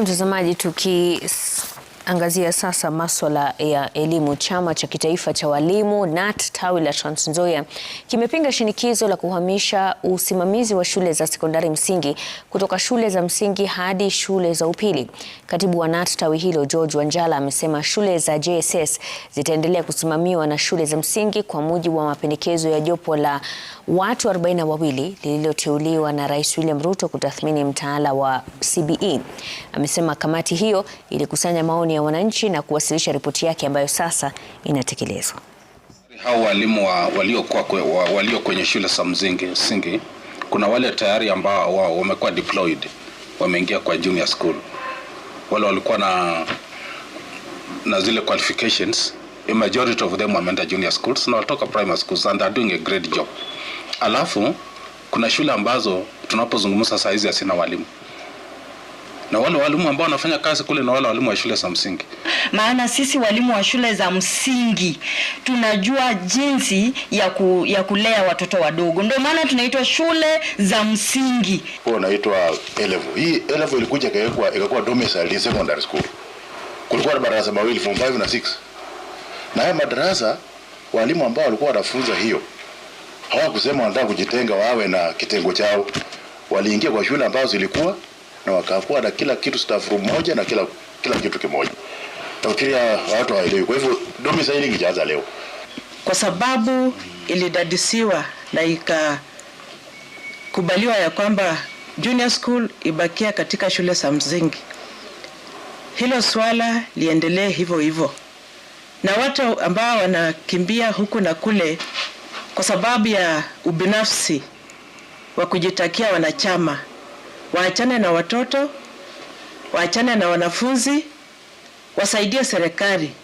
Mtazamaji tuki Angazia sasa maswala ya elimu. Chama cha kitaifa cha walimu KNUT tawi la Trans Nzoia kimepinga shinikizo la kuhamisha usimamizi wa shule za sekondari msingi kutoka shule za msingi hadi shule za upili. Katibu wa KNUT tawi hilo George Wanjala amesema shule za JSS zitaendelea kusimamiwa na shule za msingi kwa mujibu wa mapendekezo ya jopo la watu 42 lililoteuliwa na Rais William Ruto kutathmini mtaala wa CBE. Amesema kamati hiyo ilikusanya maoni ya wananchi na kuwasilisha ripoti yake ambayo sasa inatekelezwa. Hao walimu wa, walio kwa, wa, walio kwenye shule za msingi, kuna wale tayari ambao wao wamekuwa deployed, wameingia kwa junior school. Wale walikuwa na na zile qualifications, a majority of them wameenda junior schools na watoka primary schools and are doing a great job. Alafu kuna shule ambazo tunapozungumza saa hizi hazina walimu na wale walimu ambao wanafanya kazi kule na wale walimu wa shule za msingi. Maana sisi walimu wa shule za msingi tunajua jinsi ya, ku, ya kulea watoto wadogo, ndio maana tunaitwa shule za msingi. Kwa naitwa elevu hii elevu ilikuja ikawekwa ikakuwa domicile secondary school, kulikuwa na madarasa mawili form 5 na 6, na haya madarasa walimu ambao walikuwa wanafunza hiyo hawakusema wanataka kujitenga wawe na kitengo chao, waliingia kwa shule ambazo zilikuwa na wakakuwa na kila kitu stafu moja na kila kila kitu kimoja. Nafikiria watu hawaelewi. Kwa hivyo domi saini ingeanza leo, kwa sababu ilidadisiwa na ikakubaliwa ya kwamba junior school ibakia katika shule za msingi. Hilo swala liendelee hivyo hivyo, na watu ambao wanakimbia huku na kule kwa sababu ya ubinafsi wa kujitakia wanachama waachane na watoto, waachane na wanafunzi, wasaidie serikali.